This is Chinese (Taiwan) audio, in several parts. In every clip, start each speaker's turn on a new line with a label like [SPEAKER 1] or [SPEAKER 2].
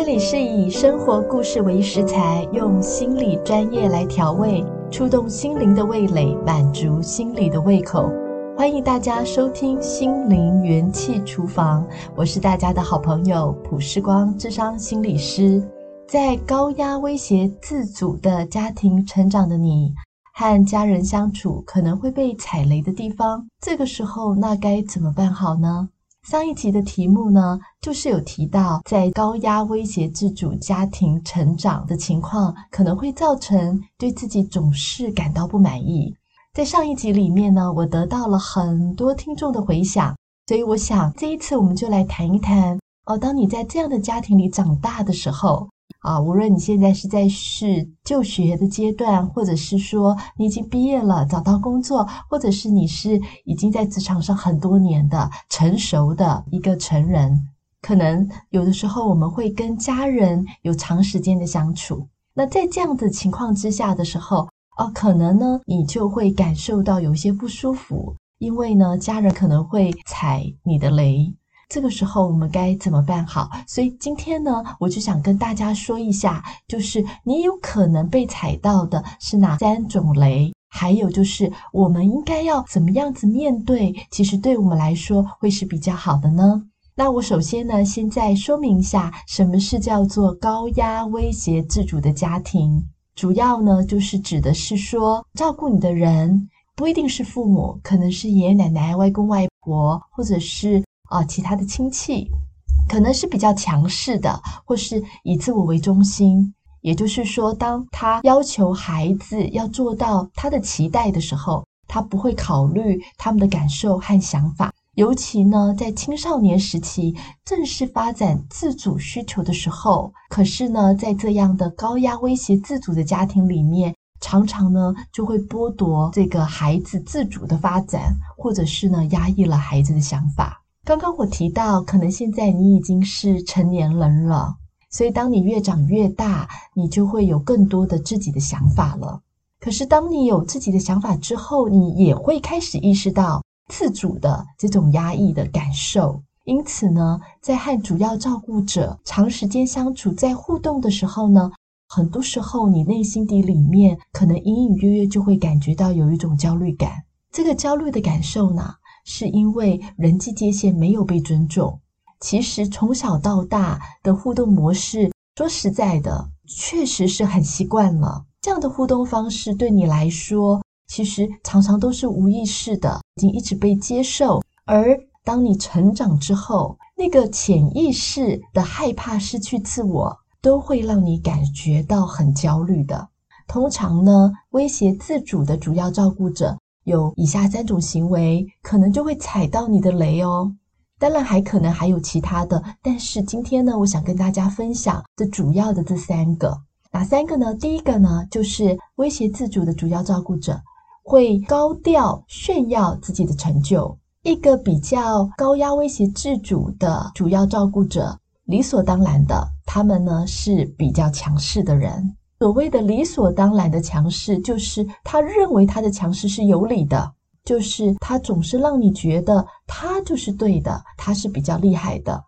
[SPEAKER 1] 這裡是以生活故事為食材，用心理專業來調味，觸動心靈的味蕾，滿足心理的胃口。歡迎大家收聽《心靈元氣廚房》，我是大家的好朋友朴世光，諮商心理師。在高壓威脅自主的家庭成長的你，和家人相處可能會被踩雷的地方，這個時候那該怎麼辦好呢？上一集的題目呢，就是有提到，在高壓威脅自主家庭成長的情況，可能會造成對自己總是感到不滿意。在上一集裡面呢，我得到了很多聽眾的回響，所以我想這一次我們就來談一談哦，當你在這樣的家庭裡長大的時候。啊，無論你現在是在是就學的階段，或者是說你已經畢業了，找到工作，或者是你是已經在職場上很多年的成熟的一個成人，可能有的時候我們會跟家人有長時間的相處。那在這樣的情況之下的時候，呃、啊，可能呢，你就會感受到有一些不舒服，因為呢，家人可能會踩你的雷。這個時候我們該怎麼辦好？所以今天呢，我就想跟大家說一下，就是你有可能被踩到的是哪三種雷，還有就是我們應該要怎麼樣子面對，其實對我們來說會是比較好的呢。那我首先呢，現在說明一下，什麼是叫做高壓威脅自主的家庭，主要呢就是指的是說，照顧你的人不一定是父母，可能是爺爺奶奶、外公外婆，或者是。啊，其他的親戚可能是比較強勢的，或是以自我為中心。也就是說，當他要求孩子要做到他的期待的時候，他不會考慮他們的感受和想法。尤其呢，在青少年時期正是發展自主需求的時候，可是呢，在這樣的高壓威脅自主的家庭裡面，常常呢就會剝奪這個孩子自主的發展，或者是呢壓抑了孩子的想法。剛剛我提到，可能現在你已經是成年人了，所以當你越長越大，你就會有更多的自己的想法了。可是，當你有自己的想法之後，你也會開始意識到自主的這種壓抑的感受。因此呢，在和主要照顧者長時間相處、在互動的時候呢，很多時候你內心底裡面可能隱隱約約就會感覺到有一種焦慮感。這個焦慮的感受呢，是因為人際界限沒有被尊重。其實從小到大的互動模式，說實在的，確實是很習慣了這樣的互動方式。對你來說，其實常常都是無意識的，已經一直被接受。而當你成長之後，那個潛意識的害怕失去自我，都會讓你感覺到很焦慮的。通常呢，威脅自主的主要照顧者。有以下三種行為，可能就會踩到你的雷哦。當然，還可能還有其他的，但是今天呢，我想跟大家分享這主要的這三個，哪三個呢？第一個呢，就是威脅自主的主要照顧者，會高調炫耀自己的成就。一個比較高壓威脅自主的主要照顧者，理所當然的，他們呢是比較強勢的人。所謂的理所當然的強勢，就是他認為他的強勢是有理的，就是他總是讓你覺得他就是對的，他是比較厲害的。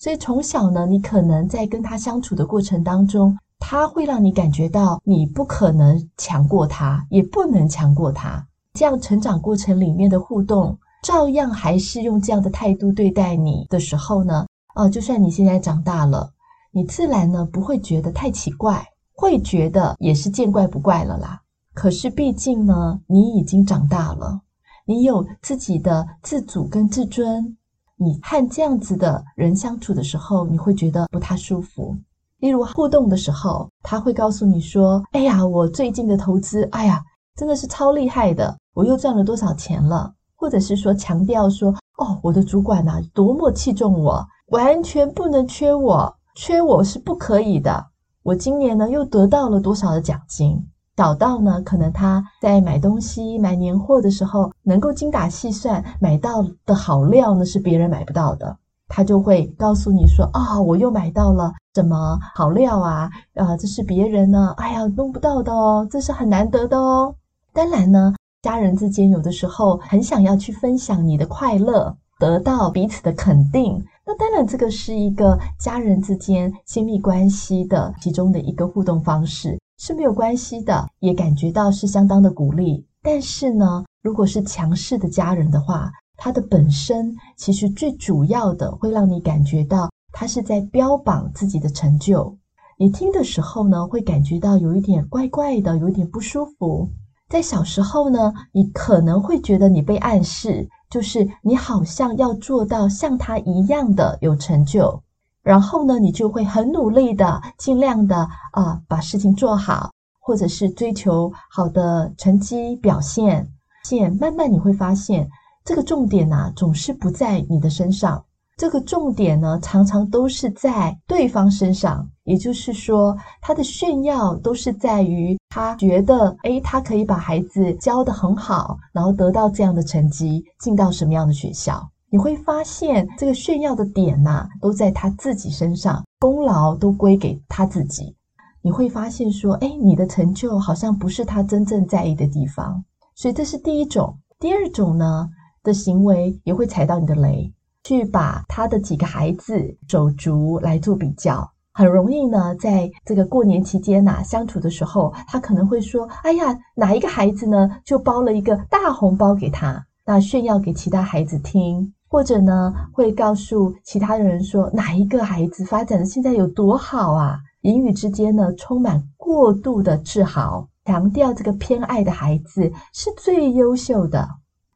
[SPEAKER 1] 所以從小呢，你可能在跟他相處的過程當中，他會讓你感覺到你不可能強過他，也不能強過他。這樣成長過程裡面的互動，照樣還是用這樣的態度對待你的時候呢，哦、啊，就算你現在長大了，你自然呢不會覺得太奇怪。會覺得也是見怪不怪了啦。可是畢竟呢，你已經長大了，你有自己的自主跟自尊，你和這樣子的人相處的時候，你會覺得不太舒服。例如互動的時候，他會告訴你說：“哎呀，我最近的投資，哎呀，真的是超厲害的，我又賺了多少錢了？”或者是說強調說：“哦，我的主管吶，多麼器重我，完全不能缺我，缺我是不可以的。”我今年呢又得到了多少的獎金？找到呢，可能他在買東西買年貨的時候能夠精打細算，買到的好料呢是別人買不到的。他就會告訴你說：“啊，我又買到了什麼好料啊！啊，這是別人呢，哎呀弄不到的哦，這是很難得的哦。”當然呢，家人之間有的時候很想要去分享你的快樂，得到彼此的肯定。那當然，這個是一個家人之間親密關係的其中的一個互動方式，是沒有關係的，也感覺到是相當的鼓勵。但是呢，如果是強勢的家人的話，他的本身其實最主要的會讓你感覺到他是在標榜自己的成就。你聽的時候呢，會感覺到有一點怪怪的，有一點不舒服。在小時候呢，你可能會覺得你被暗示。就是你好像要做到像他一樣的有成就，然後呢，你就會很努力的，儘量的啊、呃，把事情做好，或者是追求好的成績表現。現在，慢慢你會發現，這個重點呢、啊，總是不在你的身上，這個重點呢，常常都是在對方身上。也就是說，他的炫耀都是在於。他覺得，哎，他可以把孩子教得很好，然後得到這樣的成績，進到什麼樣的學校？你會發現，這個炫耀的點吶、啊，都在他自己身上，功勞都歸給他自己。你會發現說，哎，你的成就好像不是他真正在意的地方。所以這是第一種。第二種呢的行為也會踩到你的雷，去把他的幾個孩子手足來做比較，很容易呢，在這個過年期間吶，相處的時候，他可能會說：“哎呀，哪一個孩子呢，就包了一個大紅包給他，那炫耀給其他孩子聽，或者呢，會告訴其他的人說，哪一個孩子發展的現在有多好啊？”言語之間呢，充滿過度的自豪，強調這個偏愛的孩子是最優秀的。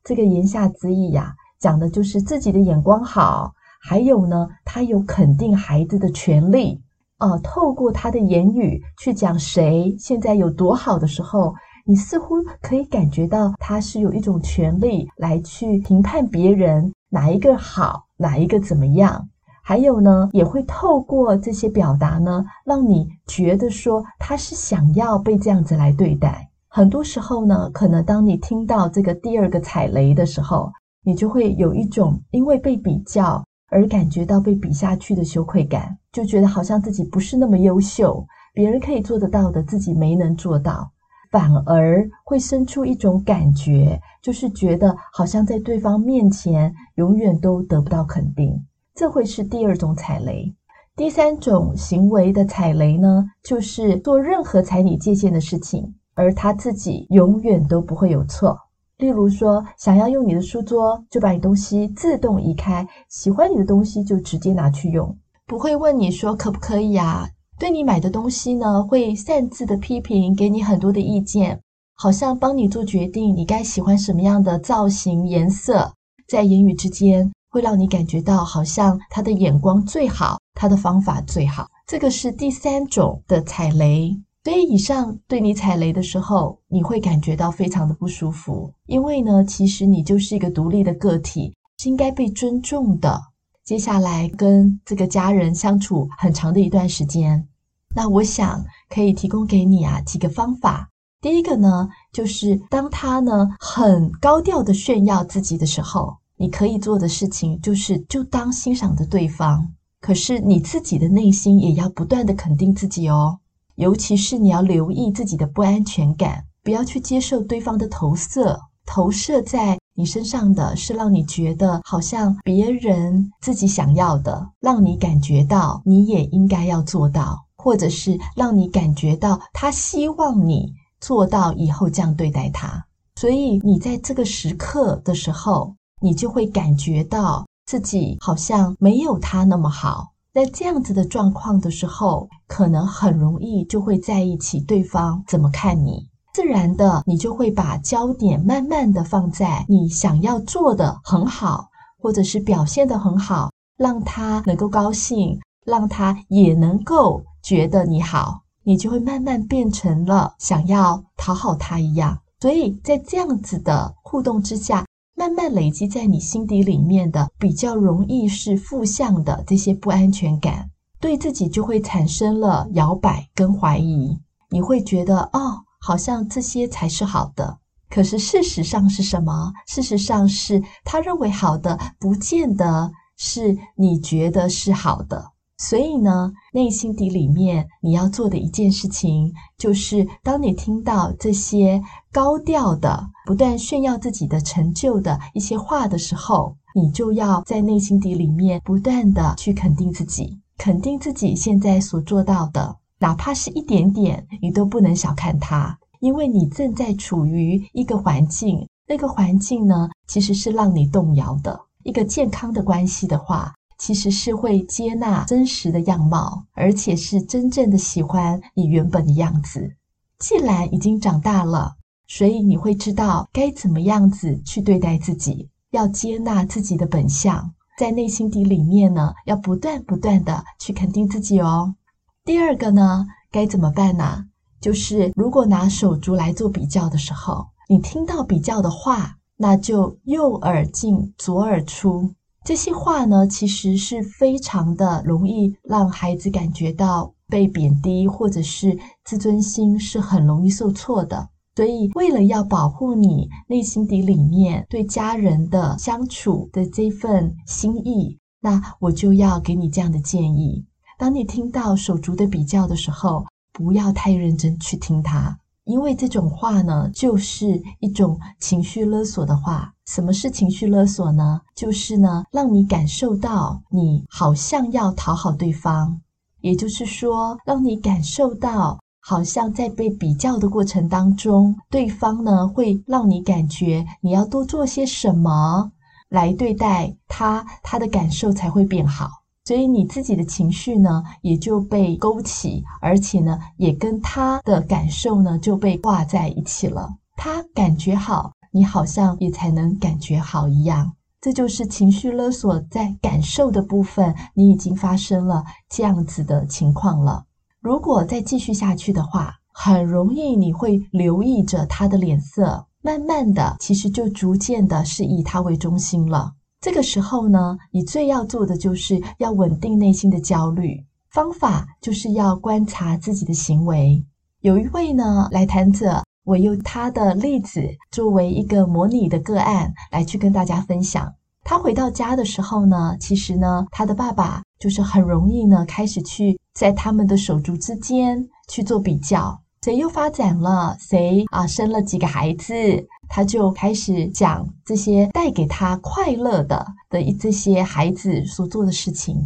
[SPEAKER 1] 這個言下之意呀，講的就是自己的眼光好，還有呢，他有肯定孩子的權利。啊、哦，透過他的言語去講誰現在有多好的時候，你似乎可以感覺到他是有一種權利來去評判別人哪一個好，哪一個怎麼樣。還有呢，也會透過這些表達呢，讓你覺得說他是想要被這樣子來對待。很多時候呢，可能當你聽到這個第二個踩雷的時候，你就會有一種因為被比較而感覺到被比下去的羞愧感。就覺得好像自己不是那麼優秀，別人可以做得到的，自己沒能做到，反而會生出一種感覺，就是覺得好像在對方面前永遠都得不到肯定。這會是第二種踩雷。第三種行為的踩雷呢，就是做任何踩你界限的事情，而他自己永遠都不會有錯。例如說，想要用你的書桌，就把你東西自動移開；喜歡你的東西，就直接拿去用。不會問你說可不可以啊？對你買的東西呢，會擅自的批評，給你很多的意見，好像幫你做決定，你該喜歡什麼樣的造型、顏色，在言語之間會讓你感覺到好像他的眼光最好，他的方法最好。這個是第三種的踩雷，所以以上對你踩雷的時候，你會感覺到非常的不舒服，因為呢，其實你就是一個獨立的個體，是應該被尊重的。接下來跟這個家人相處很長的一段時間，那我想可以提供給你啊幾個方法。第一個呢，就是當他呢很高調的炫耀自己的時候，你可以做的事情就是就當欣賞着對方，可是你自己的內心也要不斷的肯定自己哦。尤其是你要留意自己的不安全感，不要去接受對方的投射，投射在。你身上的是讓你覺得好像別人自己想要的，讓你感覺到你也應該要做到，或者是讓你感覺到他希望你做到以後這樣對待他。所以你在這個時刻的時候，你就會感覺到自己好像沒有他那麼好。在這樣子的狀況的時候，可能很容易就會在意起對方怎麼看你。自然的，你就會把焦點慢慢的放在你想要做的很好，或者是表現得很好，讓他能夠高興，讓他也能夠覺得你好，你就會慢慢變成了想要討好他一樣。所以在這樣子的互動之下，慢慢累積在你心底裡面的比較容易是負向的這些不安全感，對自己就會產生了搖擺跟懷疑，你會覺得，哦，好像這些才是好的，可是事實上是什麼？事實上是他認為好的，不見得是你覺得是好的。所以呢，內心底裡面你要做的一件事情，就是當你聽到這些高調的、不斷炫耀自己的成就的一些話的時候，你就要在內心底裡面不斷的去肯定自己，肯定自己現在所做到的。哪怕是一點點，你都不能小看它，因為你正在處於一個環境，那個環境呢，其實是讓你動搖的。一個健康的關係的話，其實是會接納真實的樣貌，而且是真正的喜歡你原本的樣子。既然已經長大了，所以你會知道該怎麼樣子去對待自己，要接納自己的本相，在內心底裡面呢，要不斷不斷地去肯定自己哦。第二個呢，該怎麼辦呢、啊？就是如果拿手足來做比較的時候，你聽到比較的話，那就右耳進左耳出。這些話呢，其實是非常的容易讓孩子感覺到被貶低，或者是自尊心是很容易受挫的。所以，為了要保護你內心底裡面對家人的相處的這份心意，那我就要給你這樣的建議。當你聽到手足的比較的時候，不要太認真去聽他，因為這種話呢，就是一種情緒勒索的話。什麼是情緒勒索呢？就是呢，讓你感受到你好像要討好對方，也就是說，讓你感受到好像在被比較的過程當中，對方呢會讓你感覺你要多做些什麼來對待他，他的感受才會變好。所以你自己的情緒呢，也就被勾起，而且呢，也跟他的感受呢就被掛在一起了。他感覺好，你好像也才能感覺好一樣。這就是情緒勒索在感受的部分，你已經發生了這樣子的情況了。如果再繼續下去的話，很容易你會留意着他的臉色，慢慢的，其實就逐漸的是以他為中心了。這個時候呢，你最要做的就是要穩定內心的焦慮。方法就是要觀察自己的行為。有一位呢來談者，我用他的例子作為一個模擬的個案來去跟大家分享。他回到家的時候呢，其實呢，他的爸爸就是很容易呢開始去在他們的手足之間去做比較。誰又發展了？誰啊？生了幾個孩子？他就開始講這些帶給他快樂的的這些孩子所做的事情，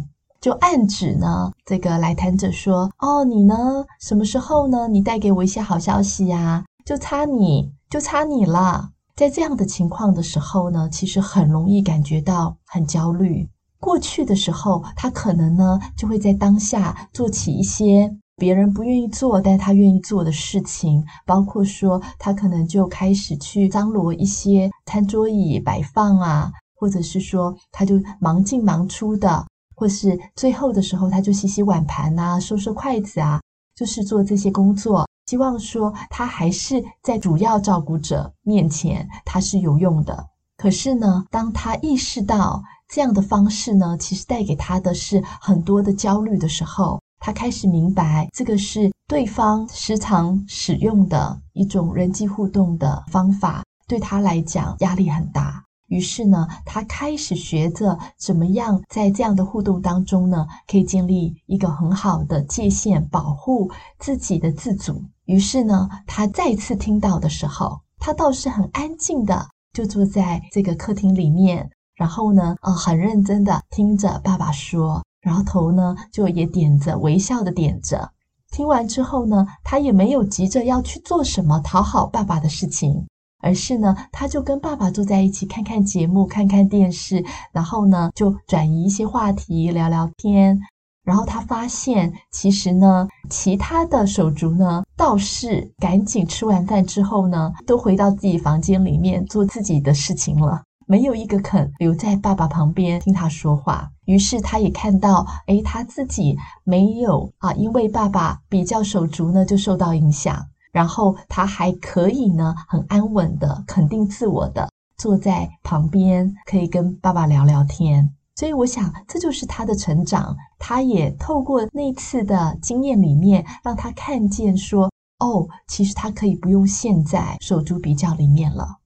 [SPEAKER 1] 就暗指呢，這個來談者說：“哦，你呢？什麼時候呢？你帶給我一些好消息呀，啊？就差你，就差你了。”在這樣的情況的時候呢，其實很容易感覺到很焦慮。過去的時候，他可能呢就會在當下做起一些。別人不願意做，但他願意做的事情，包括說他可能就開始去張羅一些餐桌椅擺放啊，或者是說他就忙進忙出的，或是最後的時候他就洗洗碗盤吶、啊，收收筷子啊，就是做這些工作。希望說他還是在主要照顧者面前他是有用的。可是呢，當他意識到這樣的方式呢，其實帶給他的是很多的焦慮的時候。他開始明白，這個是對方時常使用的一種人際互動的方法，對他來講壓力很大。於是呢，他開始學着怎麼樣在這樣的互動當中呢，可以建立一個很好的界限，保護自己的自主。於是呢，他再次聽到的時候，他倒是很安靜的，就坐在這個客廳裡面，然後呢，呃很認真的聽着爸爸說。然後頭呢，就也點着微笑的點着。聽完之後呢，他也沒有急着要去做什麼討好爸爸的事情，而是呢，他就跟爸爸坐在一起，看看節目，看看電視，然後呢，就轉移一些話題，聊聊天。然後他發現，其實呢，其他的手足呢，倒是趕緊吃完飯之後呢，都回到自己房間裡面做自己的事情了。沒有一個肯留在爸爸旁邊聽他說話，於是他也看到，誒，他自己沒有啊，因為爸爸比較手足呢，就受到影響。然後他還可以呢，很安穩的肯定自我的坐在旁邊，可以跟爸爸聊聊天。所以我想，這就是他的成長。他也透過那次的經驗裡面，讓他看見說，哦，其實他可以不用陷在手足比較裡面了。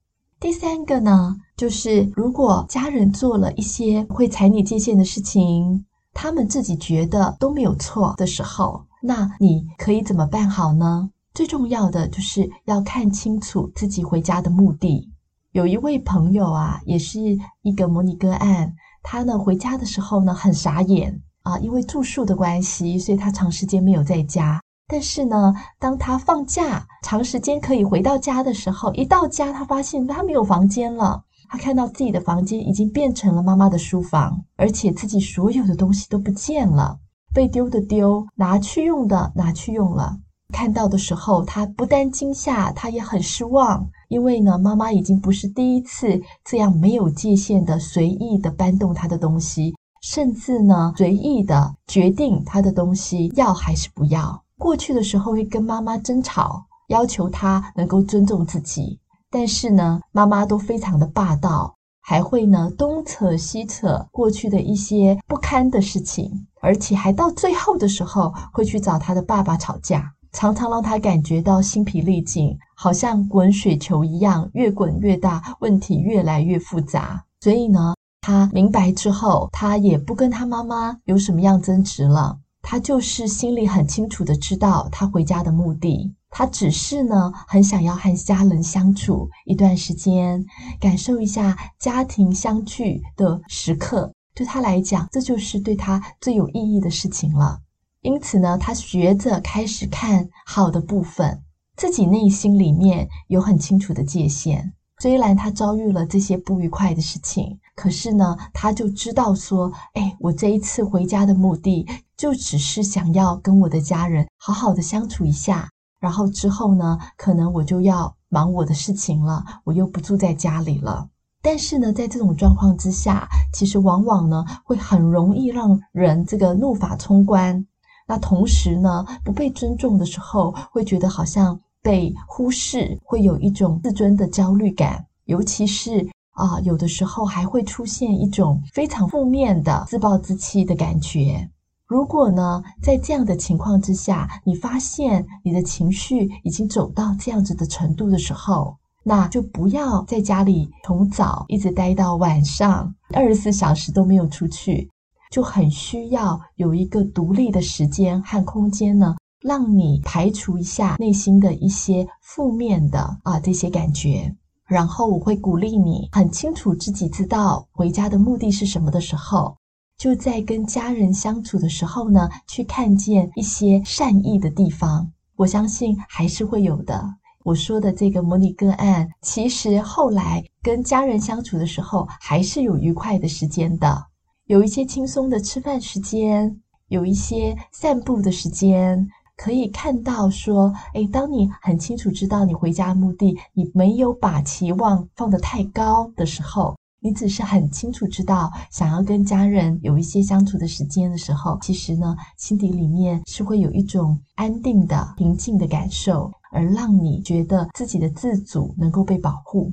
[SPEAKER 1] 第三個呢，就是如果家人做了一些會踩你界限的事情，他們自己覺得都沒有錯的時候，那你可以怎麼辦好呢？最重要的就是要看清楚自己回家的目的。有一位朋友啊，也是一個模擬個案，他呢回家的時候呢很傻眼啊，因為住宿的關係，所以他長時間沒有在家。但是呢，當他放假，長時間可以回到家的時候，一到家他發現他沒有房間了。他看到自己的房間已經變成了媽媽的書房，而且自己所有的東西都不見了，被丟的丟，拿去用的拿去用了。看到的時候，他不但驚嚇，他也很失望，因為呢，媽媽已經不是第一次這樣沒有界限的隨意的搬動他的東西，甚至呢，隨意的決定他的東西要還是不要。過去的時候會跟媽媽爭吵，要求她能夠尊重自己，但是呢，媽媽都非常的霸道，還會呢，東扯西扯過去的一些不堪的事情，而且還到最後的時候會去找他的爸爸吵架，常常讓他感覺到心疲力盡，好像滾雪球一樣，越滾越大，問題越來越複雜。所以呢，他明白之後，他也不跟他媽媽有什麼樣爭執了。他就是心裡很清楚的知道他回家的目的，他只是呢，很想要和家人相處一段時間，感受一下家庭相聚的時刻。對他來講，這就是對他最有意義的事情了。因此呢，他學着開始看好的部分，自己內心裡面有很清楚的界限。雖然他遭遇了這些不愉快的事情。可是呢，他就知道說，哎，我這一次回家的目的就只是想要跟我的家人好好的相處一下，然後之後呢，可能我就要忙我的事情了，我又不住在家裡了。但是呢，在這種狀況之下，其實往往呢會很容易讓人這個怒髮衝冠。那同時呢，不被尊重的時候，會覺得好像被忽視，會有一種自尊的焦慮感，尤其是。啊，有的時候還會出現一種非常負面的自暴自棄的感覺。如果呢，在這樣的情況之下，你發現你的情緒已經走到這樣子的程度的時候，那就不要在家裡從早一直待到晚上，二十四小時都沒有出去，就很需要有一個獨立的時間和空間呢，讓你排除一下內心的一些負面的啊這些感覺。然後我會鼓勵你，很清楚自己知道回家的目的是什麼的時候，就在跟家人相處的時候呢，去看見一些善意的地方。我相信還是會有的。我說的這個模擬個案，其實後來跟家人相處的時候，還是有愉快的時間的，有一些輕鬆的吃飯時間，有一些散步的時間。可以看到，說，哎，當你很清楚知道你回家的目的，你沒有把期望放得太高的時候，你只是很清楚知道想要跟家人有一些相處的時間的時候，其實呢，心底裡面是會有一種安定的平靜的感受，而讓你覺得自己的自主能夠被保護。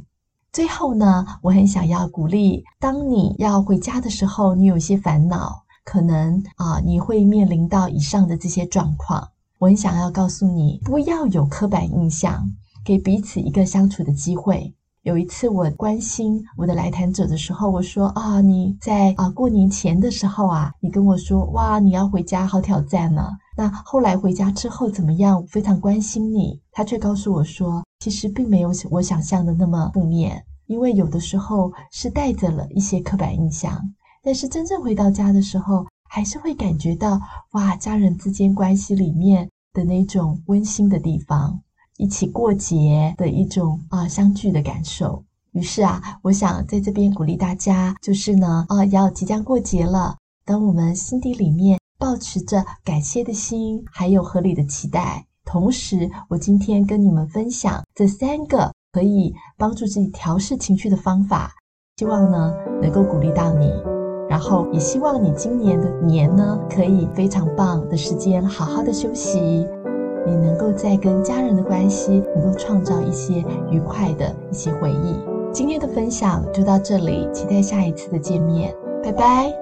[SPEAKER 1] 最後呢，我很想要鼓勵，當你要回家的時候，你有一些煩惱，可能啊、呃，你會面臨到以上的這些狀況。我很想要告訴你，不要有刻板印象，給彼此一個相處的機會。有一次，我關心我的來談者的時候，我說：“啊、哦，你在啊過年前的時候啊，你跟我說哇，你要回家，好挑戰呢、啊。”那後來回家之後怎麼樣？非常關心你，他卻告訴我說，其實並沒有我想象的那麼負面，因為有的時候是帶着了一些刻板印象，但是真正回到家的時候。還是會感覺到哇，家人之間關係裡面的那種溫馨的地方，一起過節的一種啊、呃、相聚的感受。於是啊，我想在這邊鼓勵大家，就是呢啊、呃，要即將過節了，當我們心底裡面保持着感謝的心，還有合理的期待，同時我今天跟你們分享這三個可以幫助自己調適情緒的方法，希望呢能夠鼓勵到你。然後也希望你今年的年呢，可以非常棒的時間，好好的休息，你能夠在跟家人的關係，能夠創造一些愉快的一些回憶。今天的分享就到這裡，期待下一次的見面，拜拜。